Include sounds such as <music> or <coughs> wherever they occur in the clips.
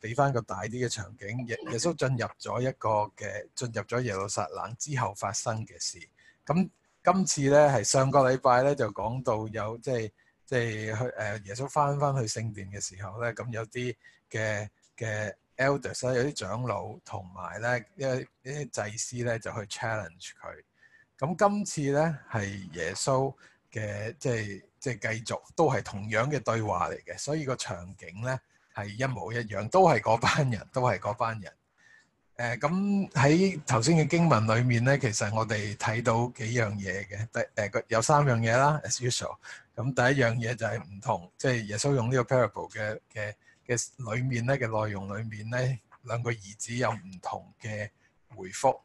俾翻個大啲嘅場景，耶耶穌進入咗一個嘅進入咗耶路撒冷之後發生嘅事。咁今次咧係上個禮拜咧就講到有即係即係去誒耶穌翻翻去聖殿嘅時候咧，咁有啲嘅嘅 elders 咧有啲長老同埋咧一啲祭司咧就去 challenge 佢。咁今次咧係耶穌嘅即係即係繼續都係同樣嘅對話嚟嘅，所以個場景咧。係一模一樣，都係嗰班人，都係嗰班人。誒咁喺頭先嘅經文裏面咧，其實我哋睇到幾樣嘢嘅。第、呃、誒有三樣嘢啦。As usual，咁第一樣嘢就係唔同，即係耶穌用呢個 parable 嘅嘅嘅裏面咧嘅內容裏面咧，兩個兒子有唔同嘅回覆。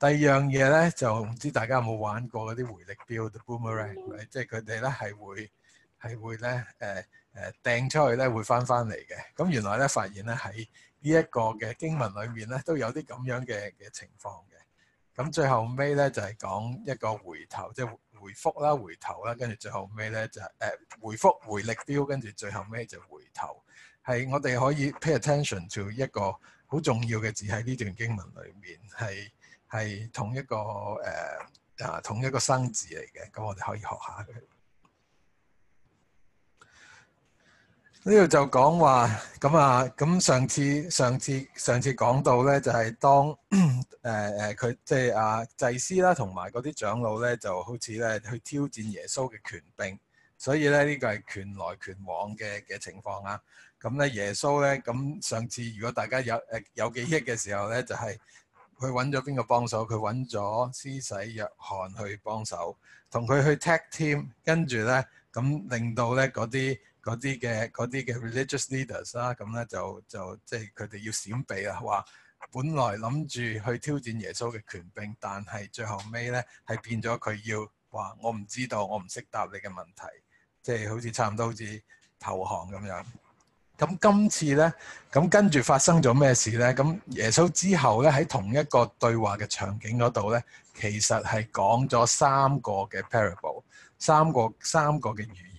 第二樣嘢咧就唔知大家有冇玩過嗰啲回力標 The boomerang，即係佢哋咧係會係會咧誒。呃誒掟、呃、出去咧會翻翻嚟嘅，咁原來咧發現咧喺呢一個嘅經文裏面咧都有啲咁樣嘅嘅情況嘅。咁最後尾咧就係講一個回頭，即係回復啦、回頭啦，跟住最後尾咧就係、是呃、回復、回力標，跟住最後尾就回頭。係我哋可以 pay attention to 一個好重要嘅字喺呢段經文裏面，係係同一個誒啊、呃、同一個生字嚟嘅。咁我哋可以學下嘅。呢度就講話咁啊，咁上次、上次、上次講到咧，就係當誒誒佢即係啊祭司啦，同埋嗰啲長老咧，就好似咧去挑戰耶穌嘅權柄，所以咧呢個係權來權往嘅嘅情況啊。咁咧耶穌咧，咁上次如果大家有誒有記憶嘅時候咧，就係佢揾咗邊個幫手？佢揾咗施洗約翰去幫手，同佢去踢添，跟住咧咁令到咧嗰啲。嗰啲嘅嗰啲嘅 religious leaders 啦，咁咧就就即係佢哋要閃避啊！話本來諗住去挑戰耶穌嘅權柄，但係最後尾咧係變咗佢要話我唔知道，我唔識答你嘅問題，即係好似差唔多好似投降咁樣，咁今次咧，咁跟住發生咗咩事咧？咁耶穌之後咧喺同一個對話嘅場景度咧，其實係講咗三個嘅 parable，三個三個嘅語言。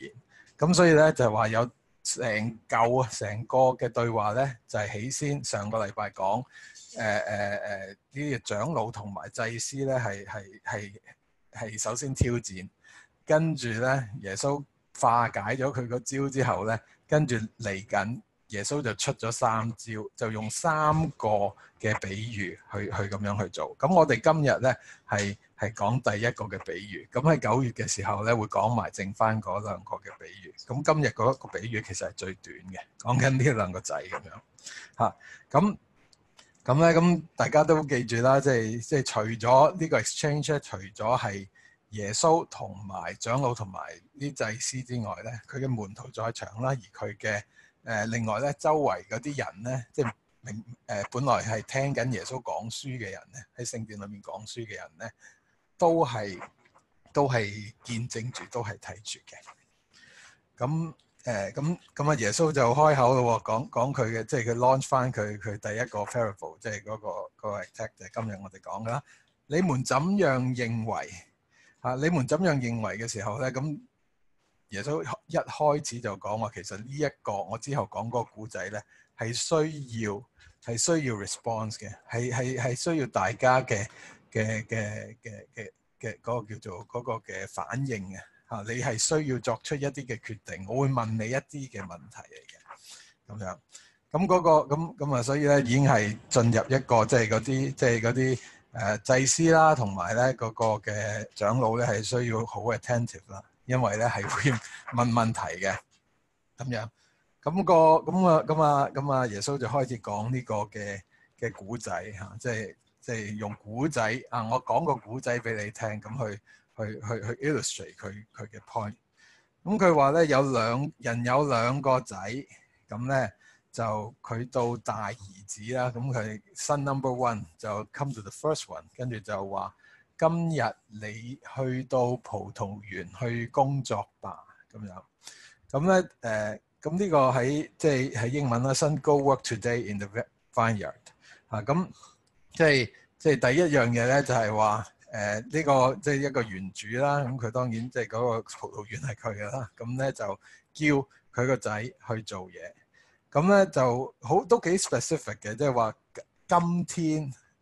咁所以咧就話、是、有成嚿成個嘅對話咧，就係、是、起先上個禮拜講誒誒誒呢啲長老同埋祭司咧係係係係首先挑戰，跟住咧耶穌化解咗佢個招之後咧，跟住嚟緊。耶穌就出咗三招，就用三個嘅比喻去去咁樣去做。咁我哋今日咧係係講第一個嘅比喻。咁喺九月嘅時候咧會講埋剩返嗰兩個嘅比喻。咁今日嗰個比喻其實係最短嘅，講緊呢兩個仔咁樣嚇。咁咁咧咁，大家都記住啦，即係即係除咗呢個 exchange，除咗係耶穌同埋長老同埋啲祭司之外咧，佢嘅門徒在場啦，而佢嘅。誒，另外咧，周圍嗰啲人咧，即係明誒，本來係聽緊耶穌講書嘅人咧，喺聖殿裏面講書嘅人咧，都係都係見證住，都係睇住嘅。咁誒，咁咁啊，耶穌就開口咯，講講佢嘅，即係佢 launch 翻佢佢第一個 parable，即係嗰個個 effect，就係今日我哋講㗎啦。你們怎樣認為啊？你們怎樣認為嘅時候咧？咁。一開始就講話，其實呢、這、一個我之後講嗰個古仔咧，係需要係需要 response 嘅，係係係需要大家嘅嘅嘅嘅嘅嘅嗰個叫做嗰、嗰個嘅反應嘅。嚇、啊，你係需要作出一啲嘅決定，我會問你一啲嘅問題嚟嘅，咁樣咁嗰、嗰個咁咁啊，所以咧已經係進入一個即係嗰啲即係啲誒祭司啦，同埋咧嗰個嘅長老咧係需要好 attentive 啦。因為咧係會問問題嘅，咁樣咁、咁個咁啊咁啊咁啊耶穌就開始講呢個嘅嘅古仔嚇，即係即係用古仔啊，我講個古仔俾你聽，咁去去去去，去 illustrate 佢佢嘅 point。咁佢話咧有兩人有兩個仔，咁咧就佢到大兒子啦，咁、啊、佢新 number one 就 come to the first one，跟住就話。今日你去到葡萄園去工作吧，咁樣咁咧誒，咁、呃、呢、這個喺即係喺英文啦，Son, go work today in the vineyard 啊，咁、嗯、即係即係第一樣嘢咧就係話誒呢個即係一個園主啦，咁、嗯、佢當然即係嗰個葡萄園係佢噶啦，咁咧就叫佢個仔去做嘢，咁咧就好都幾 specific 嘅，即係話今天。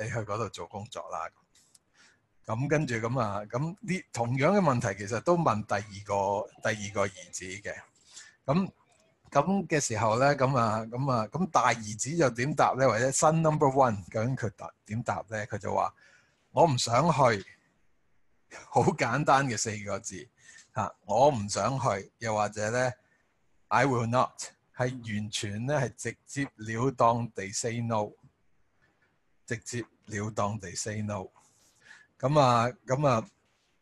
你去嗰度做工作啦，咁跟住咁啊，咁啲同樣嘅問題其實都問第二個第二個兒子嘅。咁咁嘅時候咧，咁啊咁啊咁大兒子就點答咧？或者新 number one 究竟佢答點答咧？佢就話：我唔想去，好簡單嘅四個字嚇，啊，我唔想去。又或者咧，I will not 係完全咧係直接了當地 say no。直接了當地 say no，咁啊，咁啊，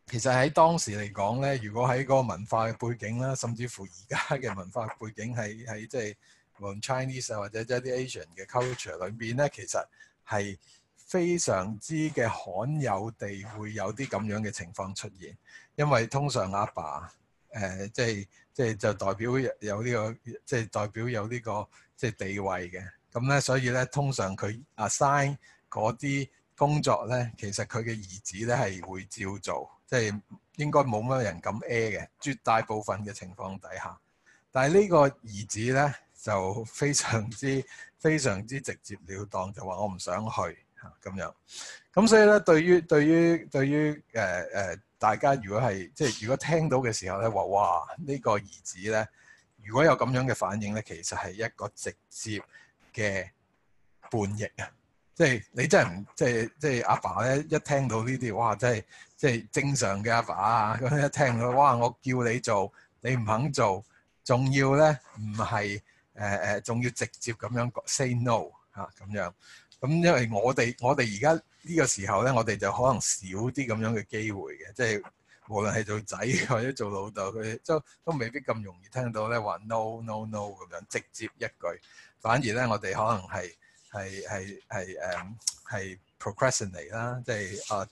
其實喺當時嚟講咧，如果喺嗰個文化嘅背景啦，甚至乎而家嘅文化背景喺喺即係無論 Chinese 啊，就是、Chinese，或者即係啲 Asian 嘅 culture 裏面咧，其實係非常之嘅罕有地會有啲咁樣嘅情況出現，因為通常阿爸誒即係即係就代表有呢、這個，即、就、係、是、代表有呢、這個即係、就是、地位嘅，咁咧所以咧通常佢 assign 嗰啲工作咧，其實佢嘅兒子咧係會照做，即係應該冇乜人敢 a 嘅，絕大部分嘅情況底下。但係呢個兒子咧就非常之非常之直接了當，就話我唔想去嚇咁樣。咁所以咧，對於對於對於誒誒大家，如果係即係如果聽到嘅時候咧，話哇、這個、呢個兒子咧，如果有咁樣嘅反應咧，其實係一個直接嘅叛逆啊！即係你真係唔即係即係阿爸咧一聽到呢啲，哇！真係即係正、正常嘅阿爸啊，咁一聽到，哇！我叫你做，你唔肯做，仲要咧唔係誒誒，仲、呃、要直接咁樣 say no 嚇、啊、咁樣。咁因為我哋我哋而家呢個時候咧，我哋就可能少啲咁樣嘅機會嘅，即係無論係做仔或者做老豆，佢都都未必咁容易聽到咧話 no no no 咁樣直接一句，反而咧我哋可能係。係係係誒係 progression 嚟啦，嗯、即係誒、啊、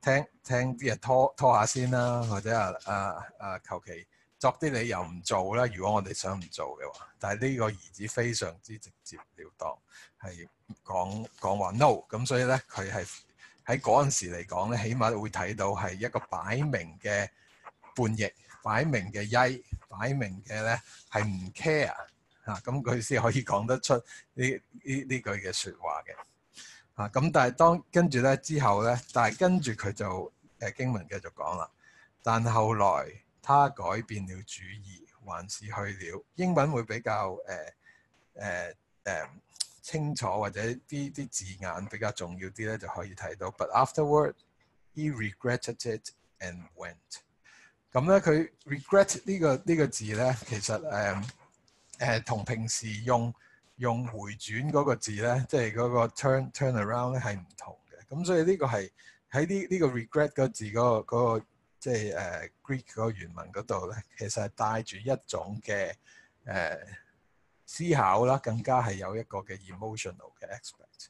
聽聽啲人拖拖下先啦，或者啊啊啊求其作啲理由唔做啦。如果我哋想唔做嘅話，但係呢個兒子非常之直接了當，係講講話 no。咁所以咧，佢係喺嗰陣時嚟講咧，起碼會睇到係一個擺明嘅叛逆，擺明嘅曳，e 擺明嘅咧係唔 care。啊，咁佢先可以講得出呢呢句嘅説話嘅，啊，咁但係當跟住咧之後咧，但係跟住佢就誒、呃、經文繼續講啦。但後來他改變了主意，還是去了。英文會比較誒誒誒清楚，或者啲啲字眼比較重要啲咧，就可以睇到。 <noise> But afterward he regretted it and went。咁咧佢 regret 呢、呢個呢、呢個字咧，其實誒。呃誒同平時用用回轉嗰個字咧，即係嗰個 turn turn around 咧，係唔同嘅。咁所以呢個係喺呢呢個 regret 嗰字嗰、嗰個、嗰個、即係誒、uh, Greek 個原文嗰度咧，其實係帶住一種嘅誒、uh, 思考啦，更加係有一個嘅 emotional 嘅 expect。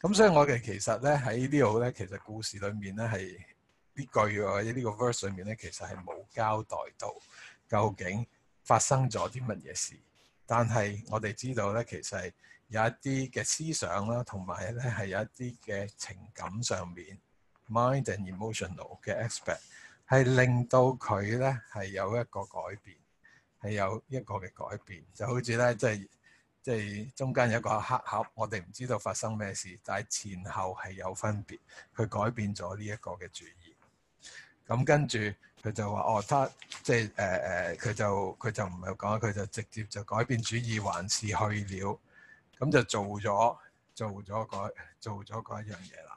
咁所以我哋其實咧喺呢度咧，其實故事裡面咧係呢句或者呢個 verse 裡面咧，其實係冇交代到究竟發生咗啲乜嘢事。但係我哋知道咧，其實有一啲嘅思想啦，同埋咧係有一啲嘅情感上面，mind and emotional 嘅 aspect 係令到佢咧係有一個改變，係有一個嘅改變，就好似咧即係即係中間有一個黑盒，我哋唔知道發生咩事，但係前後係有分別，佢改變咗呢一個嘅主意，咁跟住。佢、呃、就話：哦，佢即係誒誒，佢就佢就唔係講，佢就直接就改變主意，還是去了咁就做咗做咗個做咗嗰一樣嘢啦。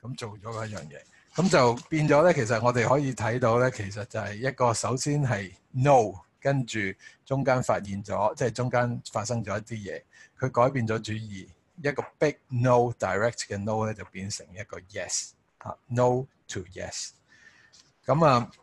咁做咗嗰一樣嘢，咁就變咗咧。其實我哋可以睇到咧，其實就係一個首先係 no，跟住中間發現咗，即係中間發生咗一啲嘢，佢改變咗主意，一個 big no direct 嘅 no 咧，就變成一個 yes 啊，no to yes。咁啊～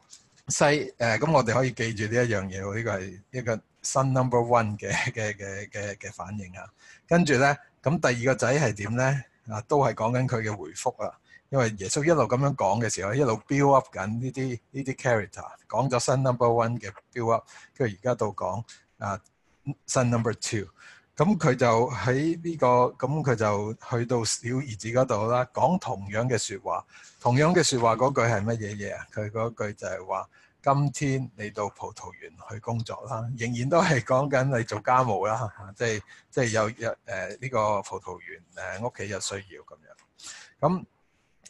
西誒，咁、啊嗯、我哋可以記住呢一樣嘢，呢、這個係一個新 number one 嘅嘅嘅嘅嘅反應啊。跟住咧，咁、嗯、第二個仔係點咧？啊，都係講緊佢嘅回覆啊。因為耶穌一路咁樣講嘅時候，一路 build up 緊呢啲呢啲 character，講咗新 number one 嘅 build up，跟住而家到講啊新 number two。咁佢就喺呢個，咁佢就去到小兒子嗰度啦，講同樣嘅説話，同樣嘅説話嗰句係乜嘢嘢啊？佢嗰句就係話：今天你到葡萄園去工作啦，仍然都係講緊你做家務啦，即係即係有有誒呢個葡萄園誒屋企有需要咁樣。咁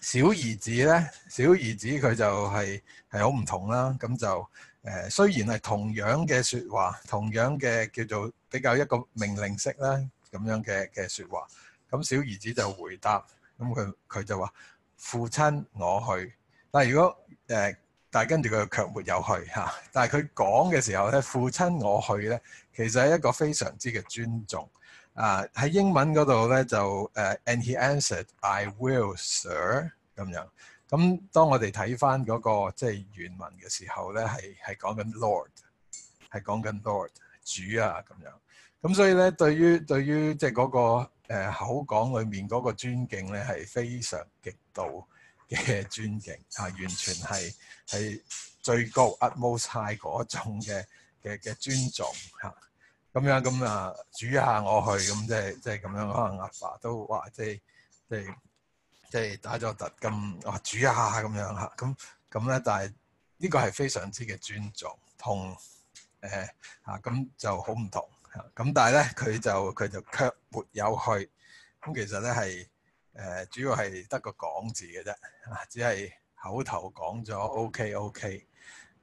小兒子咧，小兒子佢就係係好唔同啦，咁就。誒雖然係同樣嘅説話，同樣嘅叫做比較一個命令式啦，咁樣嘅嘅説話，咁小兒子就回答，咁佢佢就話：父親我去。但係如果誒、呃，但係跟住佢卻沒有去嚇、啊。但係佢講嘅時候咧，父親我去咧，其實係一個非常之嘅尊重啊。喺英文嗰度咧就誒、uh，and he answered，I will，sir，咁樣。咁當我哋睇翻嗰個即係原文嘅時候咧，係係講緊 Lord，係講緊 Lord 主啊咁樣。咁所以咧，對於對於即係嗰個誒口講裏面嗰個尊敬咧，係非常極度嘅尊敬嚇、啊，完全係係最高 almost high 嗰種嘅嘅嘅尊重嚇。咁、啊、樣咁啊，主下我去咁即係即係咁樣可能阿爸，爸都話即係即係。即係打咗特金，我煮一下咁樣嚇，咁咁咧，但係呢個係非常之嘅尊重，呃啊、同誒嚇咁就好唔同嚇，咁但係咧佢就佢就卻沒有去，咁、嗯、其實咧係誒主要係得個講字嘅啫，只係口頭講咗 OK OK，其、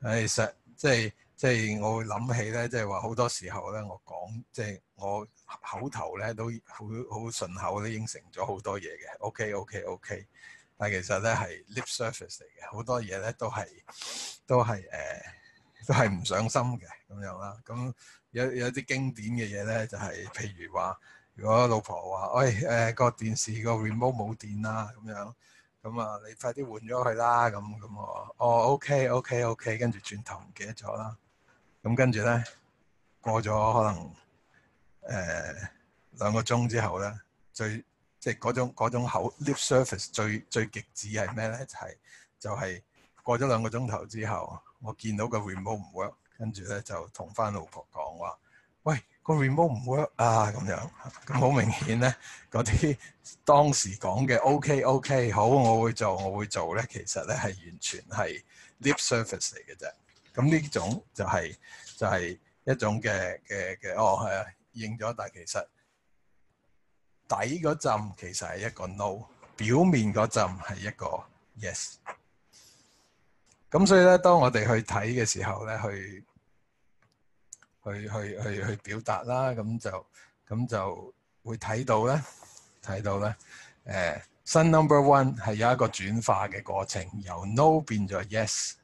嗯、實即係。即係我會諗起咧，即係話好多時候咧，我講即係我口頭咧都好好順口都應承咗好多嘢嘅，OK OK OK，但係其實咧係 lip service 嚟嘅，好多嘢咧都係都係誒、呃、都係唔上心嘅咁樣啦。咁有有啲經典嘅嘢咧，就係、是、譬如話，如果老婆話：喂誒、呃、個電視個 remote 冇電啦、啊，咁樣咁啊，你快啲換咗佢啦。咁咁我，哦 OK OK OK，跟、OK, 住轉頭唔記得咗啦。咁跟住咧，過咗可能誒兩個鐘之後咧，最即係嗰種嗰種口 lip service 最最極致係咩咧？就係就係過咗兩個鐘頭之後，我見到個 remote 唔 work，跟住咧就同翻老婆講話：，喂，個 remote 唔 work 啊！咁樣，咁好明顯咧，嗰啲當時講嘅 OK OK 好，我會做，我會做咧，其實咧係完全係 lip service 嚟嘅啫。咁呢、嗯、種就係、是、就係、是、一種嘅嘅嘅，哦係啊，應咗，但係其實底嗰陣其實係一個 no，表面嗰陣係一個 yes。咁所以咧，當我哋去睇嘅時候咧，去去去去去表達啦，咁就咁就會睇到咧，睇到咧，誒，step number one 係有一個轉化嘅過程，由 no 變咗 yes。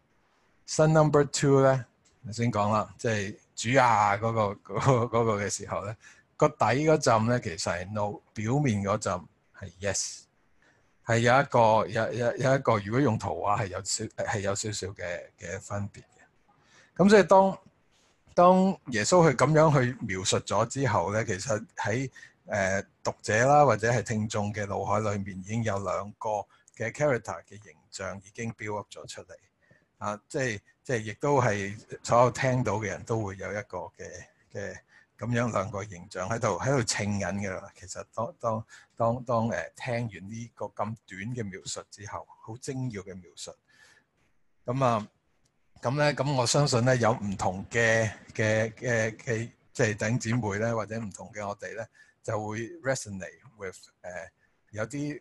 新 number two 咧，我先講啦，即係主啊嗰、嗰個、嗰個嘅、嗰個、時候咧，個底陣咧其實係 no，表面陣係 yes，係有一個有有有一個，如果用圖畫係有，有少係有少少嘅嘅分別嘅。咁所以當當耶穌去咁樣去描述咗之後咧，其實喺誒、呃、讀者啦或者係聽眾嘅腦海裏面已經有兩個嘅 character 嘅形象已經 build up 咗出嚟。啊，即係即係，亦都係所有聽到嘅人都會有一個嘅嘅咁樣兩個形象喺度喺度稱緊㗎啦。其實當當當當誒聽完呢個咁短嘅描述之後，好精要嘅描述，咁啊，咁咧，咁我相信咧有唔同嘅嘅嘅嘅，即係弟兄姊妹咧，或者唔同嘅我哋咧，就會 resonate with 誒有啲。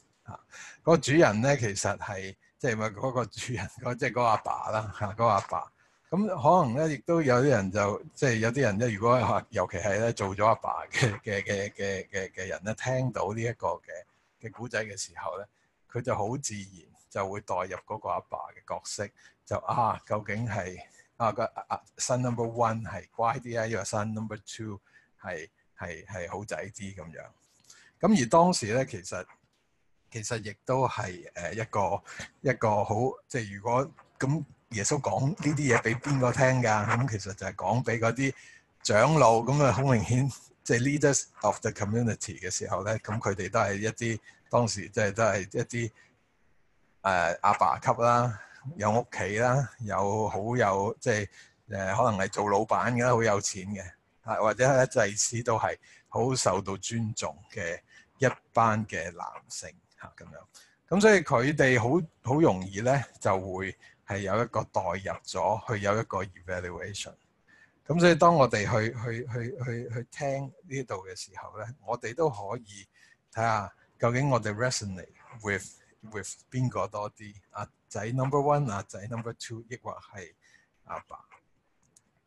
啊！個主人咧，其實係即係咪嗰個主人，即係嗰阿爸啦嚇，嗰阿爸咁可能咧，亦都有啲人就即係有啲人咧。如果話尤其係咧做咗阿爸嘅嘅嘅嘅嘅嘅人咧，聽到呢一個嘅嘅古仔嘅時候咧，佢就好自然就會代入嗰個阿爸嘅角色，就啊，究竟係啊個啊 son number one 係乖啲啊，呢個 son number two 係係係好仔啲咁樣。咁而當時咧，其實。其實亦都係誒一個一個好，即係如果咁耶穌講呢啲嘢俾邊個聽㗎？咁其實就係講俾嗰啲長老咁啊，好明顯即係 leaders of the community 嘅時候咧，咁佢哋都係一啲當時即係都係一啲誒阿爸級啦，有屋企啦，有好有即係誒、呃、可能係做老闆嘅啦，好有錢嘅啊，或者係祭司都係好受到尊重嘅一班嘅男性。嚇咁樣，咁、嗯、所以佢哋好好容易咧，就會係有一個代入咗，去有一個 evaluation 咁、嗯、所以當我哋去去去去去聽呢度嘅時候咧，我哋都可以睇下究竟我哋 resonate with with 邊個多啲？阿、啊、仔 number one 阿、啊、仔 number two，抑或係阿爸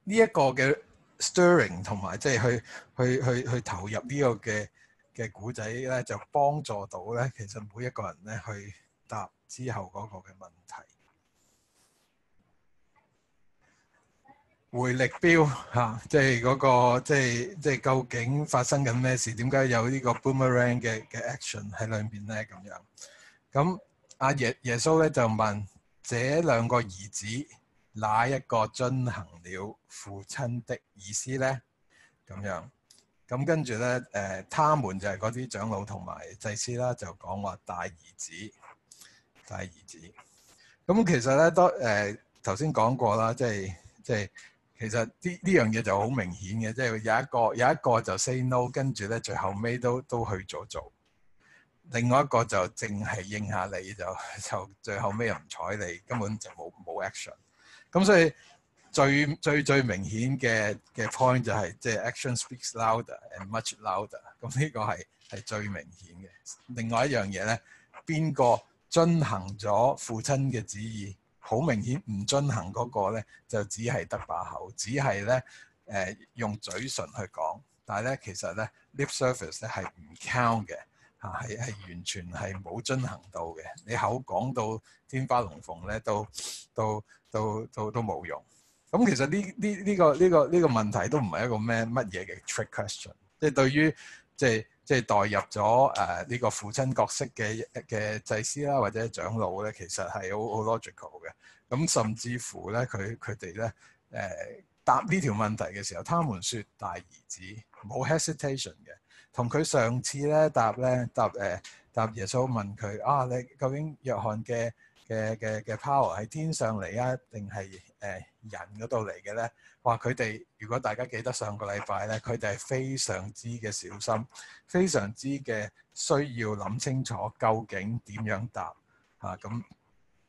呢一、這個嘅 stirring 同埋，即係去去去去投入呢個嘅。嘅古仔咧就幫助到咧，其實每一個人咧去答之後嗰個嘅問題。回力鏢吓，即係嗰個，即係即係究竟發生緊咩事？點解有呢個 boomerang 嘅嘅 action 喺裏面咧？咁樣。咁阿耶耶穌咧就問這兩個兒子，哪一個遵行了父親的意思咧？咁樣。咁跟住咧，誒，他們就係嗰啲長老同埋祭師啦，就講話大兒子，大兒子。咁其實咧，都誒頭先講過啦，即係即係其實呢呢樣嘢就好明顯嘅，即係有一個有一個就 say no，跟住咧最後尾都都去咗做，做；另外一個就淨係應下你，就就最後尾又唔睬你，根本就冇冇 action。咁所以。最最最明顯嘅嘅 point 就係，係，即係 action speaks louder and much louder。咁呢個係係最明顯嘅。另外一樣嘢咧，邊個遵行咗父親嘅旨意？好明顯唔遵行嗰個咧就只係得把口，只係咧誒用嘴唇去講。但係咧，其實咧 lip service 咧係唔 count 嘅，嚇係係完全係冇遵行到嘅。你口講到天花龍鳳咧，都都都都都冇用。咁其實呢呢呢個呢、呢個呢、呢個問題都唔係一個咩乜嘢嘅 trick question，即係對於即係即係代入咗誒呢個父親角色嘅嘅祭司啦，或者長老咧，其實係好好 logical 嘅。咁、嗯、甚至乎咧，佢佢哋咧誒答呢條問題嘅時候，他們説大兒子冇 hesitation 嘅，同佢上次咧答咧答誒答耶穌問佢啊，你究竟約翰嘅嘅嘅嘅 power 係天上嚟啊，定係誒？哎人嗰度嚟嘅咧，話佢哋如果大家記得上個禮拜咧，佢哋係非常之嘅小心，非常之嘅需要諗清楚究竟點樣答嚇。咁、啊、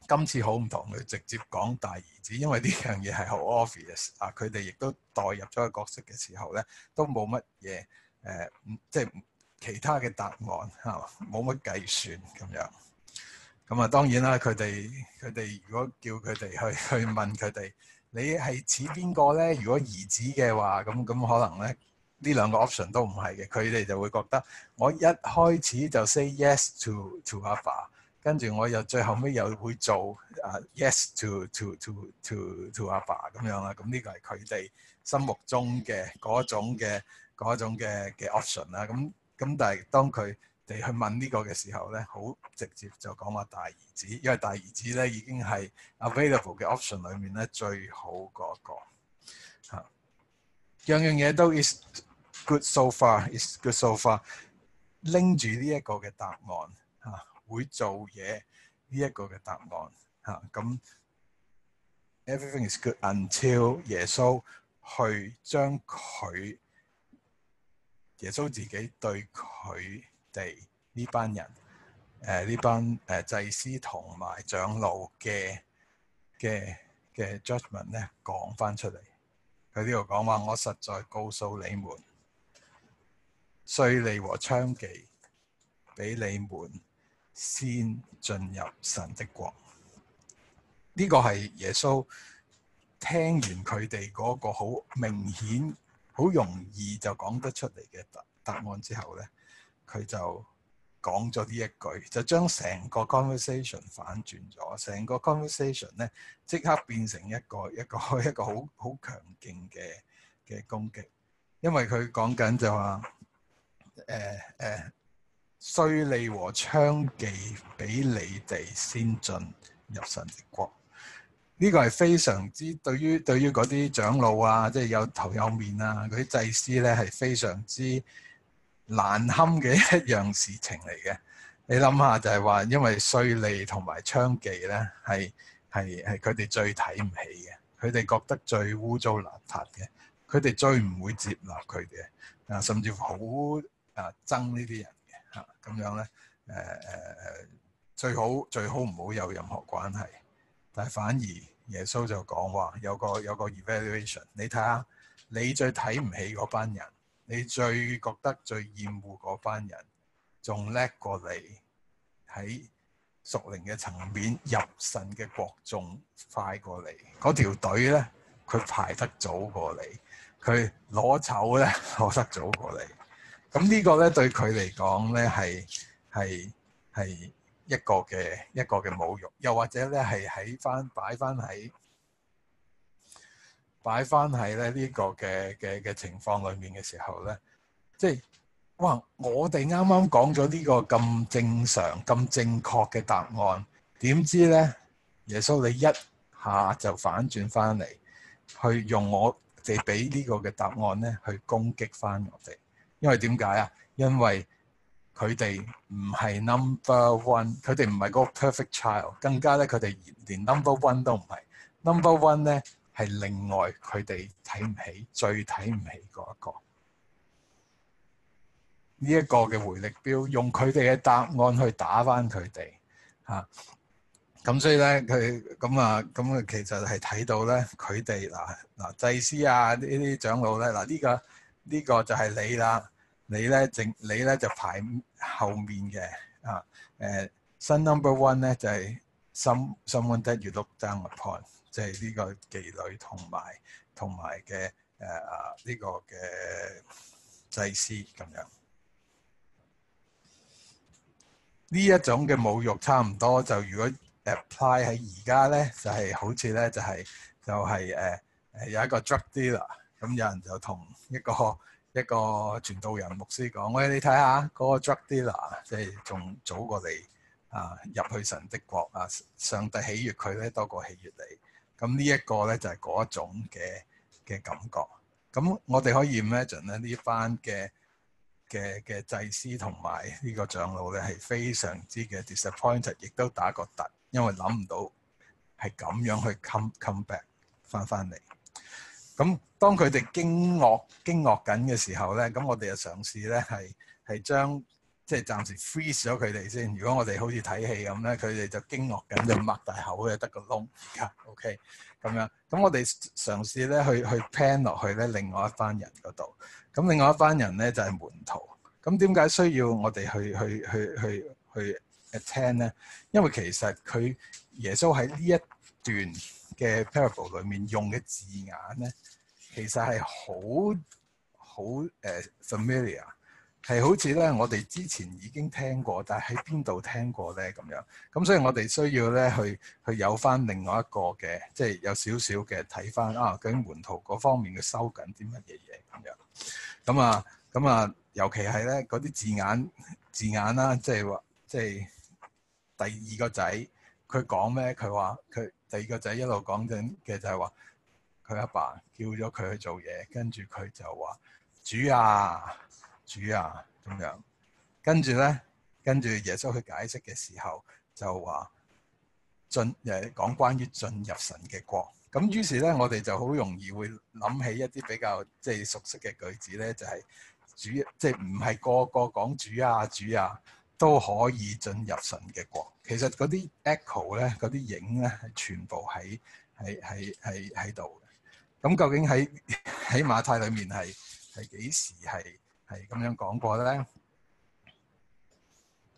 今次好唔同，佢直接講大兒子，因為呢樣嘢係好 obvious 啊。佢哋亦都代入咗個角色嘅時候咧，都冇乜嘢誒，即係其他嘅答案嚇，冇、啊、乜計算咁樣。咁啊，當然啦，佢哋佢哋如果叫佢哋去去問佢哋。你係似邊個咧？如果兒子嘅話，咁咁可能咧，呢兩個 option 都唔係嘅。佢哋就會覺得我一開始就 say yes to to 阿爸，跟住我又最後尾又會做啊、uh, yes to to to to to 阿爸咁樣啦。咁、嗯、呢、這個係佢哋心目中嘅嗰種嘅嗰種嘅嘅 option 啦。咁咁、嗯、但係當佢哋去問呢個嘅時候咧，好直接就講話大兒子，因為大兒子咧已經係 available 嘅 option 裡面咧最好嗰個。嚇，樣樣嘢都 is good so far，is good so far，拎住呢一個嘅答案嚇，會做嘢呢一個嘅答案嚇，咁 everything is good until 耶穌去將佢，耶穌自己對佢。哋呢班人，誒、呃、呢班誒、呃、祭司同埋長老嘅嘅嘅 judgment 咧，講返出嚟。佢呢度講話， <noise> 我實在告訴你們，稅吏 <noise> 和娼妓俾你們先進入神的國。呢、這個係耶穌聽完佢哋嗰個好明顯、好容易就講得出嚟嘅答答案之後咧。佢就講咗呢一句，就將成個 conversation 反轉咗，成個 conversation 咧即刻變成一個一個一個好好強勁嘅嘅攻擊，因為佢講緊就話誒誒，稅、呃呃、吏和娼妓俾你哋先進入神的國。呢、這個係非常之對於對於嗰啲長老啊，即、就、係、是、有頭有面啊，嗰啲祭司咧係非常之難堪嘅一樣事情嚟嘅，你諗下就係話，因為稅吏同埋娼妓咧，係係係佢哋最睇唔起嘅，佢哋覺得最污糟邋遢嘅，佢哋最唔會接納佢哋，啊甚至乎好啊憎啊呢啲人嘅吓，咁樣咧，誒誒誒，最好最好唔好有任何關係，但係反而耶穌就講話有個有個 evaluation，你睇下，你最睇唔起嗰班人。你最覺得最厭惡嗰班人，仲叻過你喺熟齡嘅層面，入神嘅國眾快過你，嗰條隊咧佢排得早過你，佢攞籌咧攞得早過你，咁呢個咧對佢嚟講咧係係係一個嘅一個嘅侮辱，又或者咧係喺翻擺返喺。擺翻喺咧呢個嘅嘅嘅情況裏面嘅時候咧，即係哇！我哋啱啱講咗呢個咁正常、咁正確嘅答案，點知咧耶穌你一下就反轉翻嚟，去用我哋俾呢個嘅答案咧去攻擊翻我哋。因為點解啊？因為佢哋唔係 number one，佢哋唔係個 perfect child，更加咧佢哋連 number one 都唔係，number one 咧。係另外佢哋睇唔起，最睇唔起嗰一個。呢一個嘅回力標，用佢哋嘅答案去打返佢哋嚇。咁、啊、所以咧，佢咁啊，咁啊，其實係睇到咧，佢哋嗱嗱祭司啊呢啲長老咧嗱呢、啊呢個呢、呢個就係你啦，你咧正你咧就排後面嘅啊誒。新、啊、number one 咧就係、是、some someone that you look down upon。即係呢個妓女同埋同埋嘅誒誒呢個嘅祭司咁樣呢一種嘅侮辱差唔多就如果 apply 喺而家咧，就係、是、好似咧就係、是、就係誒誒有一個 drug dealer，咁有人就同一個一個傳道人牧師講，喂，你睇下嗰個 drug dealer，即係仲早過你啊入去神的國啊，上帝喜悅佢咧多過喜悅你。咁呢一個咧就係嗰一種嘅嘅感覺。咁我哋可以 imagine 咧呢班嘅嘅嘅祭司同埋呢個長老咧係非常之嘅 disappointed，亦都打個突，因為諗唔到係咁樣去 come come back 翻翻嚟。咁當佢哋驚愕驚愕緊嘅時候咧，咁我哋就嘗試咧係係將。即係暫時 freeze 咗佢哋先。如果我哋好似睇戲咁咧，佢哋就驚愕咁，就擘大口嘅，得個窿。而家 OK 咁樣。咁我哋嘗試咧去去 plan 落去咧另外一班人嗰度。咁另外一班人咧就係門徒。咁點解需要我哋去去去去去 attend 咧？因為其實佢耶穌喺呢一段嘅 parable 裏面用嘅字眼咧，其實係好好誒 familiar。係好似咧，我哋之前已經聽過，但係喺邊度聽過咧？咁樣咁，所以我哋需要咧去去有翻另外一個嘅，即係有少少嘅睇翻啊。究竟門徒嗰方面嘅收緊啲乜嘢嘢咁樣咁啊咁啊，尤其係咧嗰啲字眼字眼啦，啊，即係話即係第二個仔佢講咩？佢話佢第二個仔一路講緊嘅就係話佢阿爸叫咗佢去做嘢，跟住佢就話主啊！主啊，咁樣跟住咧，跟住耶穌佢解釋嘅時候就話進誒講關於進入神嘅國咁。於是咧，我哋就好容易會諗起一啲比較即係、就是、熟悉嘅句子咧，就係、是、主即係唔係個個講主啊，主啊都可以進入神嘅國。其實嗰啲 echo 咧，嗰啲影咧，係全部喺喺喺喺喺度嘅。咁究竟喺喺馬太裏面係係幾時係？係咁樣講過咧，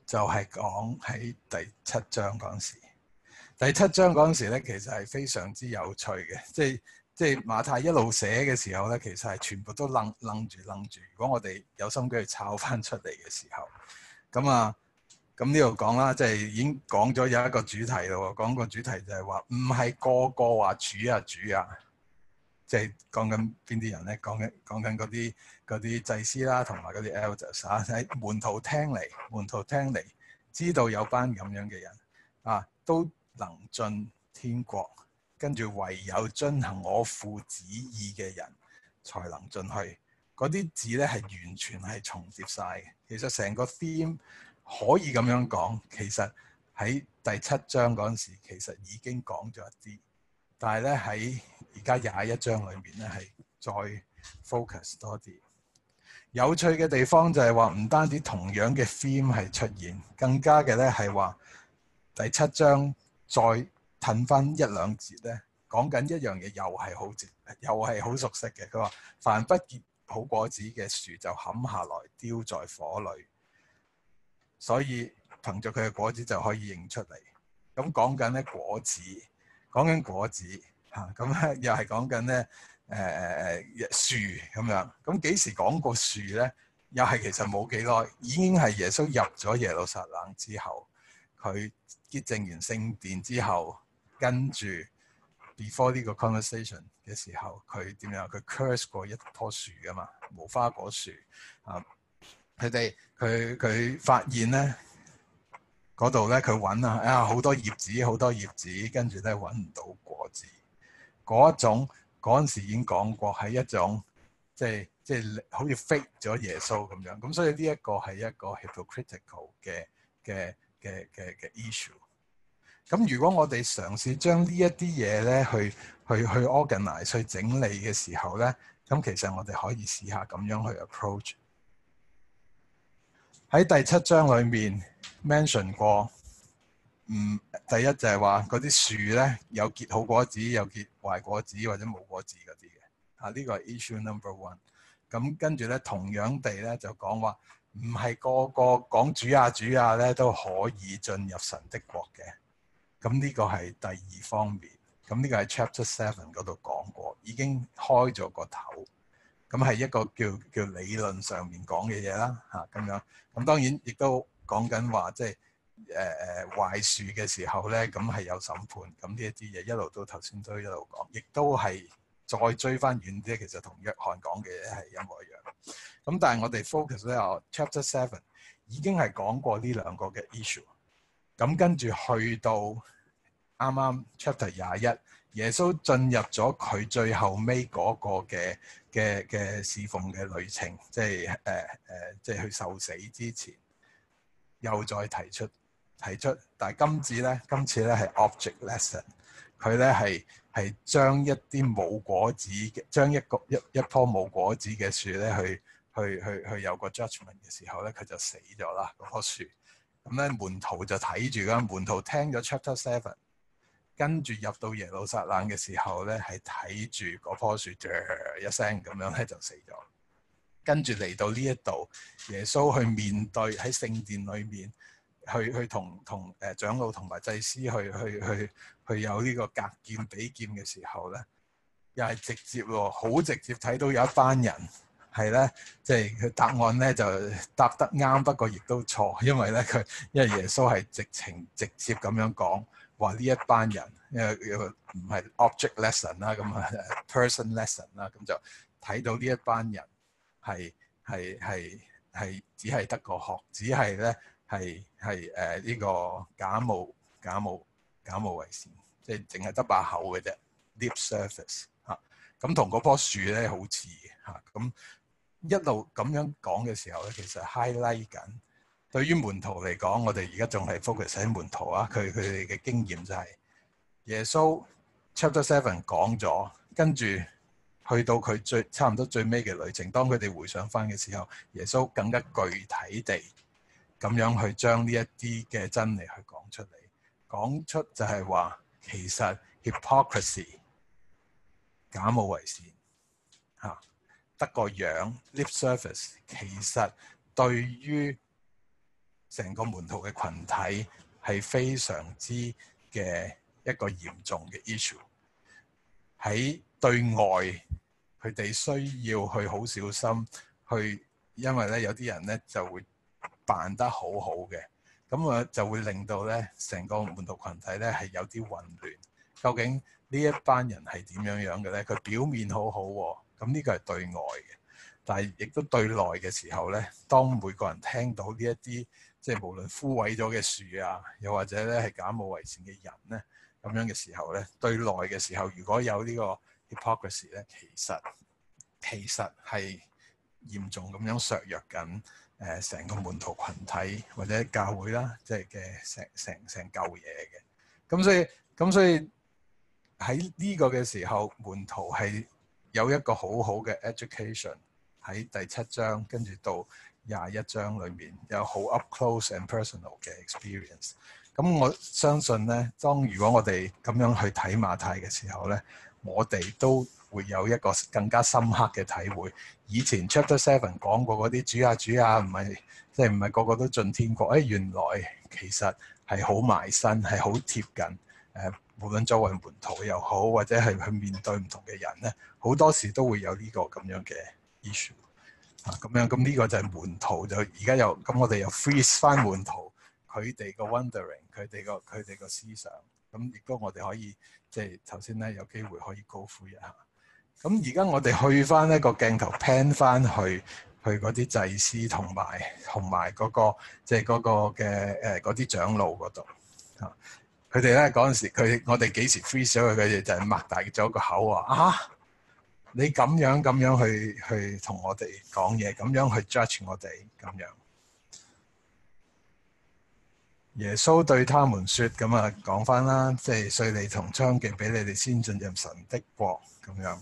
就係、是、講喺第七章嗰陣時。第七章嗰陣時咧，其實係非常之有趣嘅，即係即係馬太一路寫嘅時候咧，其實係全部都愣愣住愣住。如果我哋有心機去抄翻出嚟嘅時候，咁啊，咁呢度講啦，即、就、係、是、已經講咗有一個主題咯。講個主題就係話，唔係個個話主啊主啊。即係講緊邊啲人咧，講緊講緊嗰啲啲祭司啦，同埋嗰啲 elder 啊，喺門徒聽嚟，門徒聽嚟，知道有班咁樣嘅人啊，都能進天國，跟住唯有遵行我父旨意嘅人才能進去。嗰啲字咧係完全係重疊晒嘅。其實成個 theme 可以咁樣講，其實喺第七章嗰陣時，其實已經講咗一啲，但係咧喺而家廿一章裏面咧，係再 focus 多啲有趣嘅地方就係話，唔單止同樣嘅 theme 係出現，更加嘅咧係話第七章再褪翻一兩節咧，講緊一樣嘢又係好，又係好熟悉嘅。佢話：凡不結好果子嘅樹，就砍下來丟在火裏，所以憑着佢嘅果子就可以認出嚟。咁講緊咧果子，講緊果子。吓，咁咧、啊，又係講緊咧，誒誒誒樹咁樣，咁、啊、幾時講過樹咧？又係其實冇幾耐，已經係耶穌入咗耶路撒冷之後，佢潔淨完聖殿之後跟住 before 呢個 conversation 嘅時候，佢點樣佢 curse 過一棵樹啊嘛，無花果樹啊。佢哋佢佢發現咧嗰度咧，佢揾啊啊好多葉子，好多葉子，跟住咧揾唔到果子。嗰一種嗰陣時已經講過係一種，即係即係好似 fake 咗耶穌咁樣，咁所以呢一個係一個 hypocritical 嘅嘅嘅嘅嘅 issue。咁如果我哋嘗試將呢一啲嘢咧去去去 organize、去整理嘅時候咧，咁其實我哋可以試下咁樣去 approach。喺第七章裏面 mention 過。嗯，第一就係話嗰啲樹咧，有結好果子，有結壞果子，或者冇果子嗰啲嘅。啊，呢、這個係 issue number one。咁、嗯、跟住咧，同樣地咧，就講話唔係個個講主啊主啊咧都可以進入神的國嘅。咁、嗯、呢、這個係第二方面。咁、嗯、呢、這個喺 chapter seven 嗰度講過，已經開咗個頭。咁、嗯、係一個叫叫理論上面講嘅嘢啦。嚇、啊、咁樣。咁、嗯、當然亦都講緊話，即係。誒誒，壞樹嘅時候咧，咁係有審判，咁呢一啲嘢一路到頭先都一路講，亦都係再追翻遠啲，其實同約翰講嘅嘢係一模一樣。咁但係我哋 focus 咧，我 chapter seven 已經係講過呢兩個嘅 issue，咁跟住去到啱啱 chapter 廿一，耶穌進入咗佢最後尾嗰個嘅嘅嘅侍奉嘅旅程，即係誒誒，即係去受死之前，又再提出。提出，但係今次咧，今次咧係 object lesson。佢咧係係將一啲冇果子，將一個一一棵冇果子嘅樹咧，去去去去有個 judgment 嘅時候咧，佢就死咗啦，嗰棵樹。咁咧門徒就睇住㗎，門徒聽咗 chapter seven，跟住入到耶路撒冷嘅時候咧，係睇住嗰棵樹，一聲咁樣咧就死咗。跟住嚟到呢一度，耶穌去面對喺聖殿裏面。去去同同誒、呃、長老同埋祭司去去去去，去有呢個格劍比劍嘅時候咧，又係直接喎，好直接睇到有一班人係咧，即係佢答案咧就答得啱，不過亦都錯，因為咧佢因為耶穌係直情直接咁樣講，話呢一班人因為佢唔係 object lesson 啦，咁啊 person lesson 啦，咁就睇到呢一班人係係係係只係得個學，只係咧。係係誒呢個假冒假冒假冒為善，即係淨係得把口嘅啫。Lip service 嚇、啊，咁同嗰棵樹咧好似嚇，咁、啊啊、一路咁樣講嘅時候咧，其實 highlight 緊。對於門徒嚟講，我哋而家仲係 focus 喺門徒啊，佢佢哋嘅經驗就係耶穌 chapter seven 講咗，跟住去到佢最差唔多最尾嘅旅程，當佢哋回想翻嘅時候，耶穌更加具體地。咁樣去將呢一啲嘅真理去講出嚟，講出就係話其實 hypocrisy，假冒為善嚇、啊，得個樣 lip service，其實對於成個門徒嘅群體係非常之嘅一個嚴重嘅 issue，喺對外佢哋需要去好小心去，因為咧有啲人咧就會，扮得好好嘅，咁啊就會令到咧成個門徒群體咧係有啲混亂。究竟呢一班人係點樣樣嘅咧？佢表面好好喎，哦，咁，這、呢個係對外嘅，但係亦都對內嘅時候咧，當每個人聽到呢一啲即係無論枯萎咗嘅樹啊，又或者咧係假冒偽善嘅人咧，咁樣嘅時候咧，對內嘅時候如果有呢個 hypocrisy 咧，其實其實係嚴重咁樣削弱緊。誒，成個門徒群體或者教會啦，即係嘅成成成舊嘢嘅咁，所以咁，所以喺呢個嘅時候，門徒係有一個好好嘅 education 喺第七章跟住到廿一章裏面有好 up close and personal 嘅 experience。咁我相信呢，當如果我哋咁樣去睇馬太嘅時候呢。我哋都會有一個更加深刻嘅體會。以前 Chapter Seven 講過嗰啲主啊主啊，唔係即係唔係個個都進天國？哎，原來其實係好埋身，係好貼近。誒、呃，無論作為門徒又好，或者係去面對唔同嘅人咧，好多時都會有呢個咁樣嘅 issue。啊，咁樣咁呢、呢個就係門徒就而家又咁，我哋又 freeze 翻門徒佢哋個 wondering，佢哋個佢哋個思想。咁亦都我哋可以。即係頭先咧，有機會可以高呼一下。咁而家我哋去翻一個鏡頭 pan 翻去，去嗰啲祭司同埋同埋嗰個，即係嗰個嘅誒嗰啲長老嗰度。啊，佢哋咧嗰陣時，佢我哋幾時 freeze 咗佢哋就係擘大咗個口話：啊，你咁樣咁樣去去同我哋講嘢，咁樣去 judge 我哋咁樣。耶穌對他們説：咁啊，講返啦，即係稅吏同娼妓，俾你哋先進入神的國。咁樣，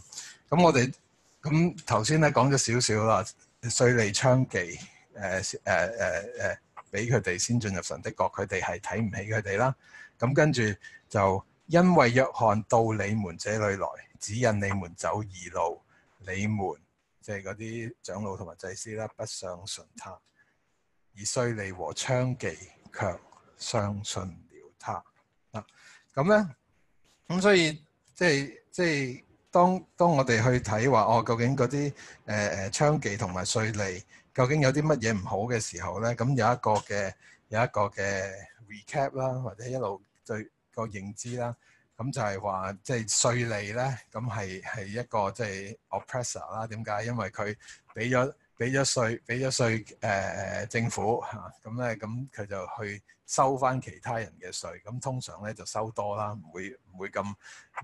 咁我哋咁頭先咧講咗少少啦，稅吏娼妓，誒誒誒誒，俾佢哋先進入神的國，佢哋係睇唔起佢哋啦。咁跟住就因為約翰到你們這裡來指引你們走義路，你們即係嗰啲長老同埋祭司啦，不相信他，而稅吏和娼妓卻。相信了他啊，咁咧，咁所以即係，即係，當當我哋去睇話，哦，究竟嗰啲誒誒娼妓同埋稅利，究竟有啲乜嘢唔好嘅時候咧？咁有一個嘅有一個嘅 recap 啦，或者一路對個認知啦，咁就係話即係稅利咧，咁係係一個即係 oppressor 啦。點解？因為佢俾咗。俾咗稅，俾咗稅，誒、呃、政府嚇，咁、啊、咧，咁佢就去收返其他人嘅稅，咁通常咧就收多啦，唔會唔會咁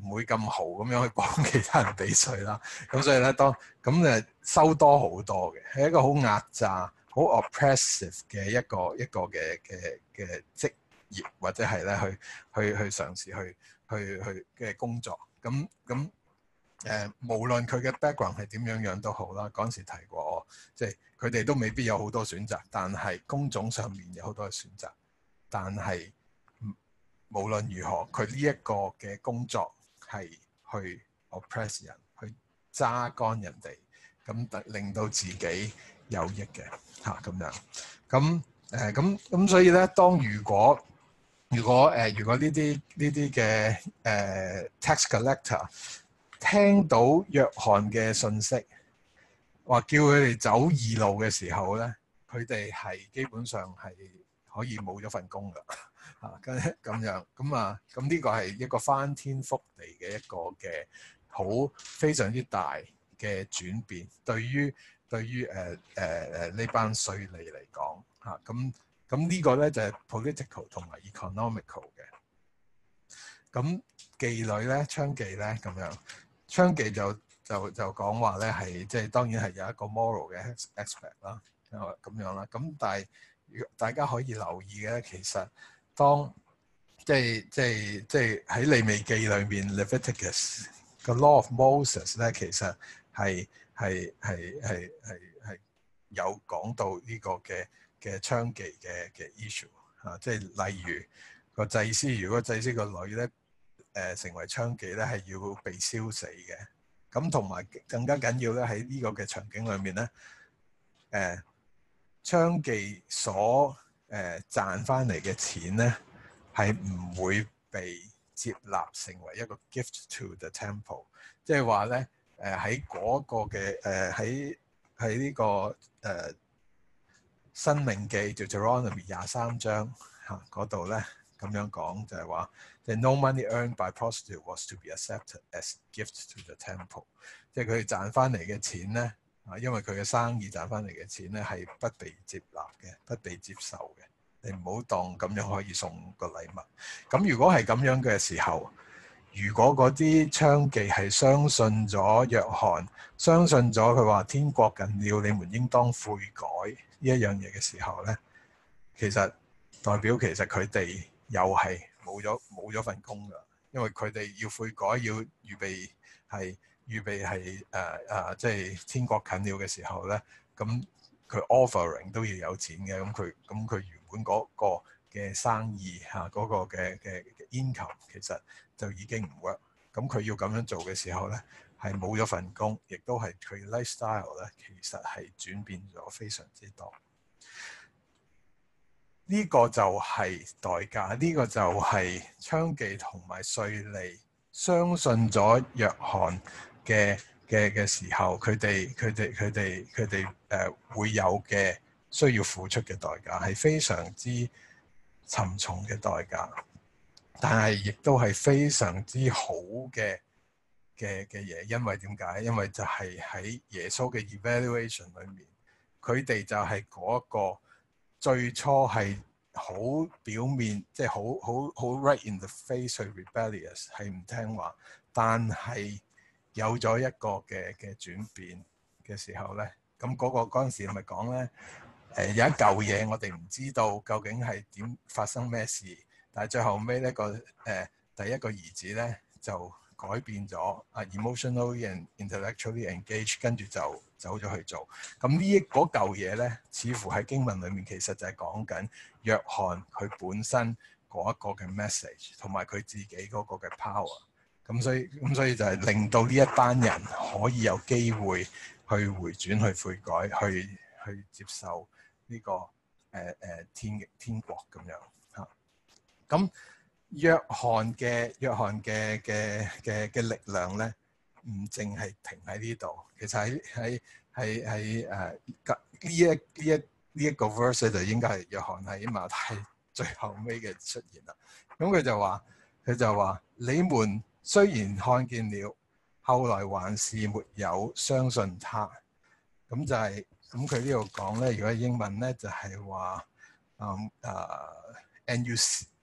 唔會咁好咁樣去幫其他人俾稅啦，咁、啊、所以咧當咁誒收多好多嘅，係一個好壓榨、好 oppressive 嘅一個一個嘅嘅嘅職業，或者係咧去去去嘗試去去去嘅工作，咁、啊、咁。啊啊誒，無論佢嘅 background 係點樣樣都好啦。嗰陣時提過我，我即係佢哋都未必有好多選擇，但係工種上面有好多嘅選擇。但係，無論如何，佢呢一個嘅工作係去 oppress 人，去揸乾人哋，咁令到自己有益嘅嚇咁樣。咁、嗯、誒，咁、嗯、咁、嗯、所以咧，當如果如果誒，如果呢啲呢啲嘅誒 tax collector。聽到約翰嘅信息，話叫佢哋走二路嘅時候咧，佢哋係基本上係可以冇咗份工噶，啊，跟咁樣咁啊，咁呢個係一個翻天覆地嘅一個嘅好非常之大嘅轉變對，對於對於誒誒誒呢班稅吏嚟講，嚇咁咁呢個咧就係 political 同埋 economic 嘅，咁妓女咧、娼妓咧咁樣。這樣這娼妓就就就講話咧，係即係當然係有一個 moral 嘅 expect 啦，咁樣啦。咁但係大家可以留意嘅，其實當即係即係即係喺利未記裏面 Leviticus 個 law of Moses 咧，其實係係係係係係有講到呢個嘅嘅娼妓嘅嘅 issue 嚇、啊，即係例如個祭司如果祭司個女咧。誒成為娼妓咧，係要被燒死嘅。咁同埋更加緊要咧，喺呢個嘅場景裏面咧，誒娼妓所誒賺翻嚟嘅錢咧，係唔會被接納成為一個 gift to the temple，即係話咧，誒喺嗰個嘅誒喺喺呢個誒申命記 Deuteronomy 廿三章嚇嗰度咧，咁樣講就係話。The no money earned by prostitute was to be accepted as gift to the temple。即係佢哋賺翻嚟嘅錢呢，啊，因為佢嘅生意賺翻嚟嘅錢呢，係不被接納嘅，不被接受嘅。你唔好當咁樣可以送個禮物。咁如果係咁樣嘅時候，如果嗰啲娼妓係相信咗約翰，相信咗佢話天國近了，你們應當悔改呢一樣嘢嘅時候呢，其實代表其實佢哋又係。冇咗冇咗份工㗎，因為佢哋要悔改，要預備係預備係誒誒，即係天國近了嘅時候咧，咁佢 offering 都要有錢嘅，咁佢咁佢原本嗰個嘅生意嚇嗰個嘅嘅 income 其實就已經唔 work，咁佢要咁樣做嘅時候咧，係冇咗份工，亦都係佢 lifestyle 咧，其實係轉變咗非常之多。呢個就係代價，呢個就係娼妓同埋稅吏。相信咗約翰嘅嘅嘅時候，佢哋佢哋佢哋佢哋誒會有嘅需要付出嘅代價，係非常之沉重嘅代價。但係亦都係非常之好嘅嘅嘅嘢，因為點解？因為就係喺耶穌嘅 evaluation 裏面，佢哋就係嗰個。最初係好表面，即係好好好 right in the face，rebellious 係唔聽話，但係有咗一個嘅嘅轉變嘅時候咧，咁、那、嗰個嗰陣、那個那個、時係咪講咧？誒、呃、有一嚿嘢我哋唔知道究竟係點發生咩事，但係最後尾呢個誒、呃、第一個兒子咧就。改變咗啊，emotionally and intellectually engaged，跟住就，就走咗去做。咁、呢個、呢一嗰嚿嘢咧，似乎喺經文裏面其實就係講緊約翰佢本身嗰一個嘅 message，同埋佢自己嗰個嘅 power。咁所以咁所以就係令到呢一班人可以有機會去回轉、去悔改、去去接受呢、呢個誒誒、呃呃、天天國咁樣吓。咁、啊約翰嘅約翰嘅嘅嘅嘅力量咧，唔淨係停喺呢度。其實喺喺喺喺誒呢一呢一呢一、這個 verse 就應該係約翰喺馬太最後尾嘅出現啦。咁、嗯、佢就話：佢就話你們雖然看見了，後來還是沒有相信他。咁就係、是、咁，佢、嗯、呢度講咧，如果英文咧就係話誒誒，and you。嗯呃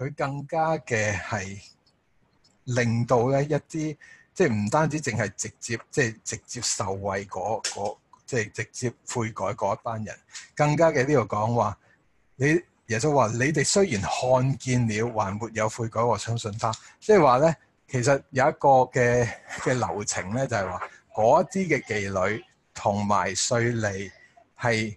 佢更加嘅係令到咧一啲，即係唔單止淨係直接，即係直接受惠嗰嗰，即係直接悔改嗰一班人，更加嘅呢度講話，你耶穌話，你哋雖然看見了，還沒有悔改和相信他，即係話咧，其實有一個嘅嘅流程咧，就係話嗰一啲嘅妓女同埋稅吏係。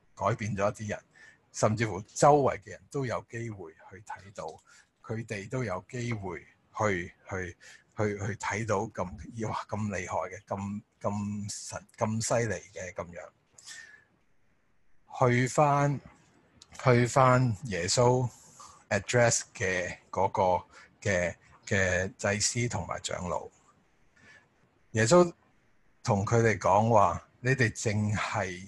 改變咗一啲人，甚至乎周圍嘅人都有機會去睇到，佢哋都有機會去去去去睇到咁哇咁厲害嘅，咁咁神咁犀利嘅咁樣。去翻去翻耶穌 address 嘅嗰個嘅嘅祭司同埋長老，耶穌同佢哋講話：你哋淨係。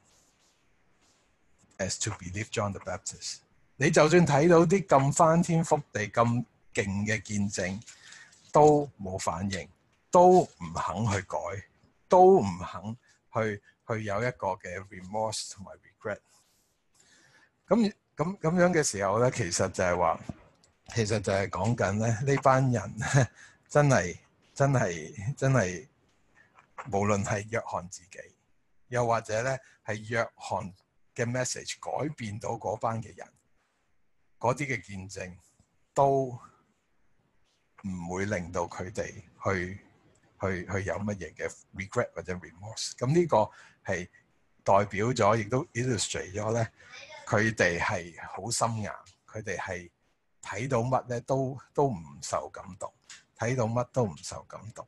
to believe John the Baptist，你就算睇到啲咁翻天覆地、咁勁嘅見證，都冇反應，都唔肯去改，都唔肯去去有一個嘅 remorse 同埋 regret。咁咁咁樣嘅時候咧，其實就係話，其實就係講緊咧呢班人，真係真係真係，無論係約翰自己，又或者咧係約翰。嘅 message 改變到嗰班嘅人，啲嘅見證都唔會令到佢哋去去去有乜嘢嘅 regret 或者 remorse。咁呢個係代表咗，亦都 illustrate 咗咧，佢哋係好心硬，佢哋係睇到乜咧都都唔受感動，睇到乜都唔受感動。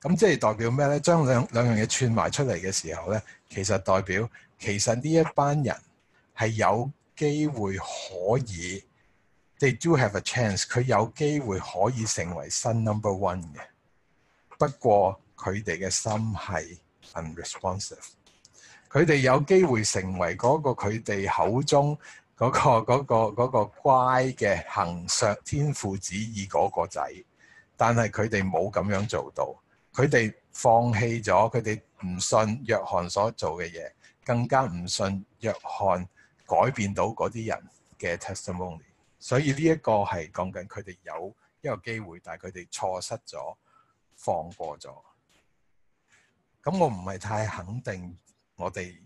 咁即係代表咩咧？將兩兩樣嘢串埋出嚟嘅時候咧，其實代表其實呢一班人係有機會可以 <music> ，They do have a chance，佢有機會可以成為新 number one 嘅。不過佢哋嘅心係 unresponsive，佢哋有機會成為嗰個佢哋口中嗰、嗰個嗰、嗰個嗰個嗰個乖嘅行上天父旨意嗰個仔，但係佢哋冇咁樣做到。佢哋放棄咗，佢哋唔信約翰所做嘅嘢，更加唔信約翰改變到嗰啲人嘅 testimony。所以呢一個係講緊佢哋有一個機會，但係佢哋錯失咗，放過咗。咁我唔係太肯定我，我哋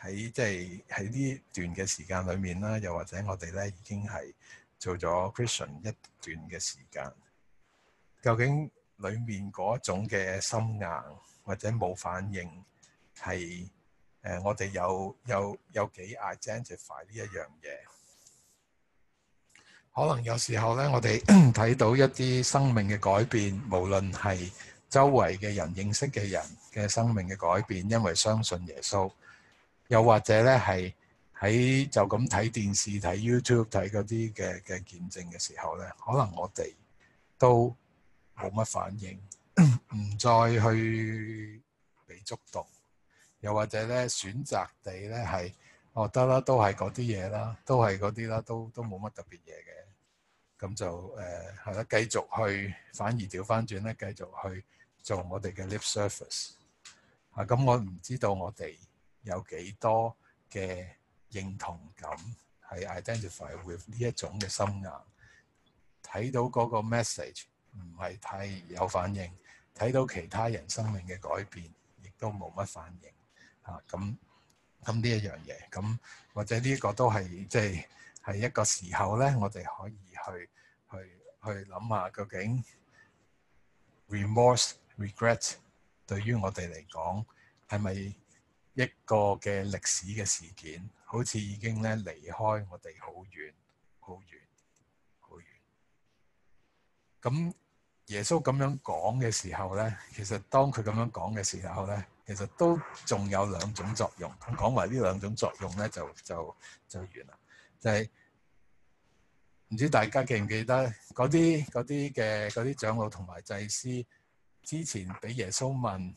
喺即係喺呢段嘅時間裏面啦，又或者我哋咧已經係做咗 Christian 一段嘅時間，究竟裏面嗰一種嘅心硬或者冇反應，係誒，我哋有有有幾 identify 呢一樣嘢。可能有時候咧，我哋睇到一啲生命嘅改變，無論係周圍嘅人認識嘅人嘅生命嘅改變，因為相信耶穌，又或者咧係喺就咁睇電視、睇 YouTube、睇嗰啲嘅嘅見證嘅時候咧，可能我哋都。冇乜反應，唔 <coughs> 再去被觸動，又或者咧選擇地咧係哦得啦，都係嗰啲嘢啦，都係嗰啲啦，都都冇乜特別嘢嘅，咁就誒係啦，繼、呃、續去反而調返轉咧，繼續去做我哋嘅 lip service 嚇、啊。咁我唔知道我哋有幾多嘅認同感係 identify with 呢一種嘅心眼，睇到嗰個 message。唔係太有反應，睇到其他人生命嘅改變，亦都冇乜反應。嚇咁咁呢一樣嘢，咁或者呢個都係即係係一個時候咧，我哋可以去去去諗下，究竟 remorse regret 對於我哋嚟講係咪一個嘅歷史嘅事件？好似已經咧離開我哋好遠、好遠、好遠。咁耶穌咁樣講嘅時候咧，其實當佢咁樣講嘅時候咧，其實都仲有兩種作用。講埋呢兩種作用咧，就就就完啦。就係、是、唔知大家記唔記得嗰啲嗰啲嘅嗰啲長老同埋祭司之前俾耶穌問誒、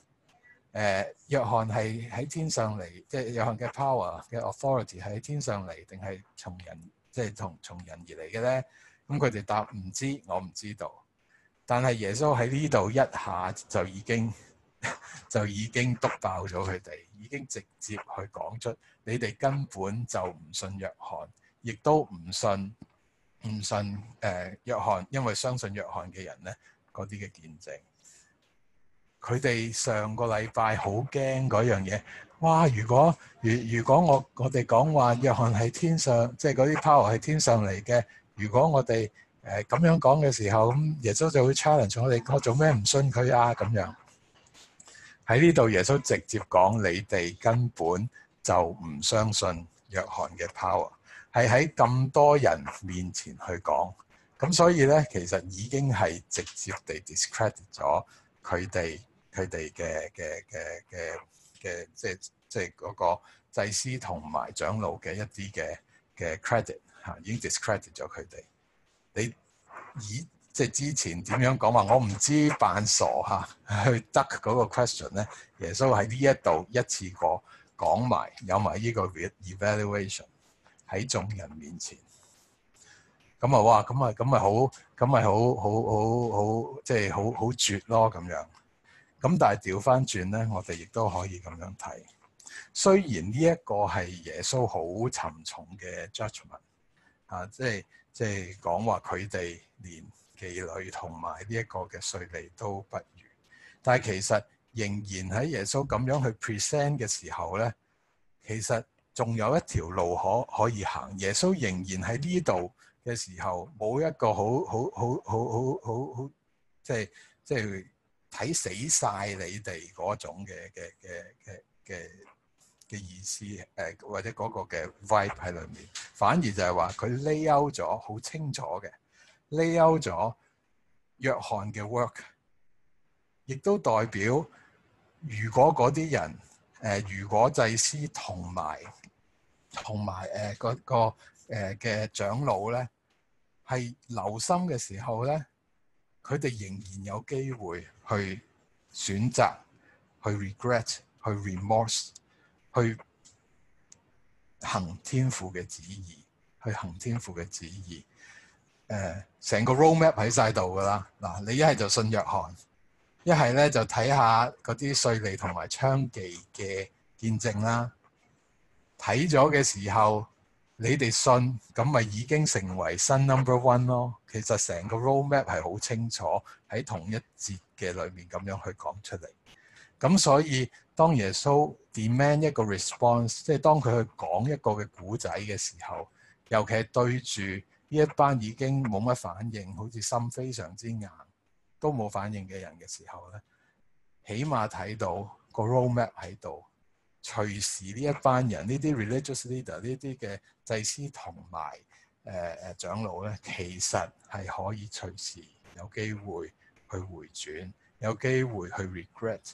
呃、約翰係喺天上嚟，即係約翰嘅 power 嘅 authority 係喺天上嚟，定係從人即係從從人而嚟嘅咧？咁佢哋答唔知，我唔知道。但係耶穌喺呢度一下就已經 <laughs> 就已經篤爆咗佢哋，已經直接去講出你哋根本就唔信約翰，亦都唔信唔信誒、呃、約翰，因為相信約翰嘅人咧，嗰啲嘅見證，佢哋上個禮拜好驚嗰樣嘢，哇！如果如如果我我哋講話約翰係天上，即係嗰啲 power 係天上嚟嘅，如果我哋，我誒咁樣講嘅時候，咁耶穌就會 challenge 我哋：我做咩唔信佢啊？咁樣喺呢度，耶穌直接講你哋根本就唔相信約翰嘅 power，係喺咁多人面前去講。咁所以咧，其實已經係直接地 discredit 咗佢哋佢哋嘅嘅嘅嘅嘅，即係即係嗰個祭司同埋長老嘅一啲嘅嘅 credit 吓，已經 discredit 咗佢哋。你以即係之前點樣講話？我唔知扮傻嚇、啊、去得嗰個 question 咧。耶穌喺呢一度一次過講埋有埋呢個 evaluation 喺眾人面前。咁啊，哇！咁啊，咁啊，好，咁咪好好好好，即係好、就是、好好絕咯咁樣。咁但係調翻轉咧，我哋亦都可以咁樣睇。雖然呢一個係耶穌好沉重嘅 judgment 啊，即係。即係講話佢哋連妓女同埋呢一個嘅稅吏都不如，但係其實仍然喺耶穌咁樣去 present 嘅時候咧，其實仲有一條路可可以行。耶穌仍然喺呢度嘅時候，冇一個好好好好好好好好即係即係睇死晒你哋嗰種嘅嘅嘅嘅嘅。嘅意思，誒、呃、或者嗰個嘅 vibe 喺裏面，反而就係話佢 layout 咗好清楚嘅 layout 咗約翰嘅 work，亦都代表如果嗰啲人誒、呃、如果祭司同埋同埋誒個誒嘅、呃、長老咧，係留心嘅時候咧，佢哋仍然有機會去選擇去 regret 去 remorse。去行天父嘅旨意，去行天父嘅旨意。誒、呃，成個 roadmap 喺晒度噶啦。嗱，你一係就信約翰，一係咧就睇下嗰啲瑞利同埋娼妓嘅見證啦。睇咗嘅時候，你哋信，咁咪已經成為新 number one 咯。其實成個 roadmap 係好清楚，喺同一節嘅裏面咁樣去講出嚟。咁所以。當耶穌 demand 一個 response，即係當佢去講一個嘅故仔嘅時候，尤其係對住呢一班已經冇乜反應，好似心非常之硬，都冇反應嘅人嘅時候咧，起碼睇到個 roadmap 喺度，隨時呢一班人、呢啲 religious leader、呢啲嘅祭司同埋誒誒長老咧，其實係可以隨時有機會去回轉，有機會去 regret。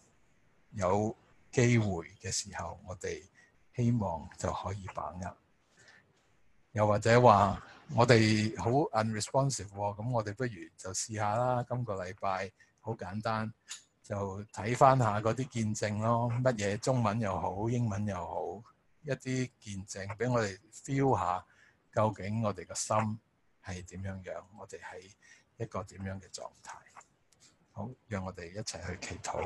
有機會嘅時候，我哋希望就可以把握。又或者話，我哋好 unresponsive，喎，咁我哋不如就試下啦。今個禮拜好簡單，就睇翻下嗰啲見證咯。乜嘢中文又好，英文又好，一啲見證俾我哋 feel 下，究竟我哋個心係點樣樣，我哋喺一個點樣嘅狀態。好，讓我哋一齊去祈禱。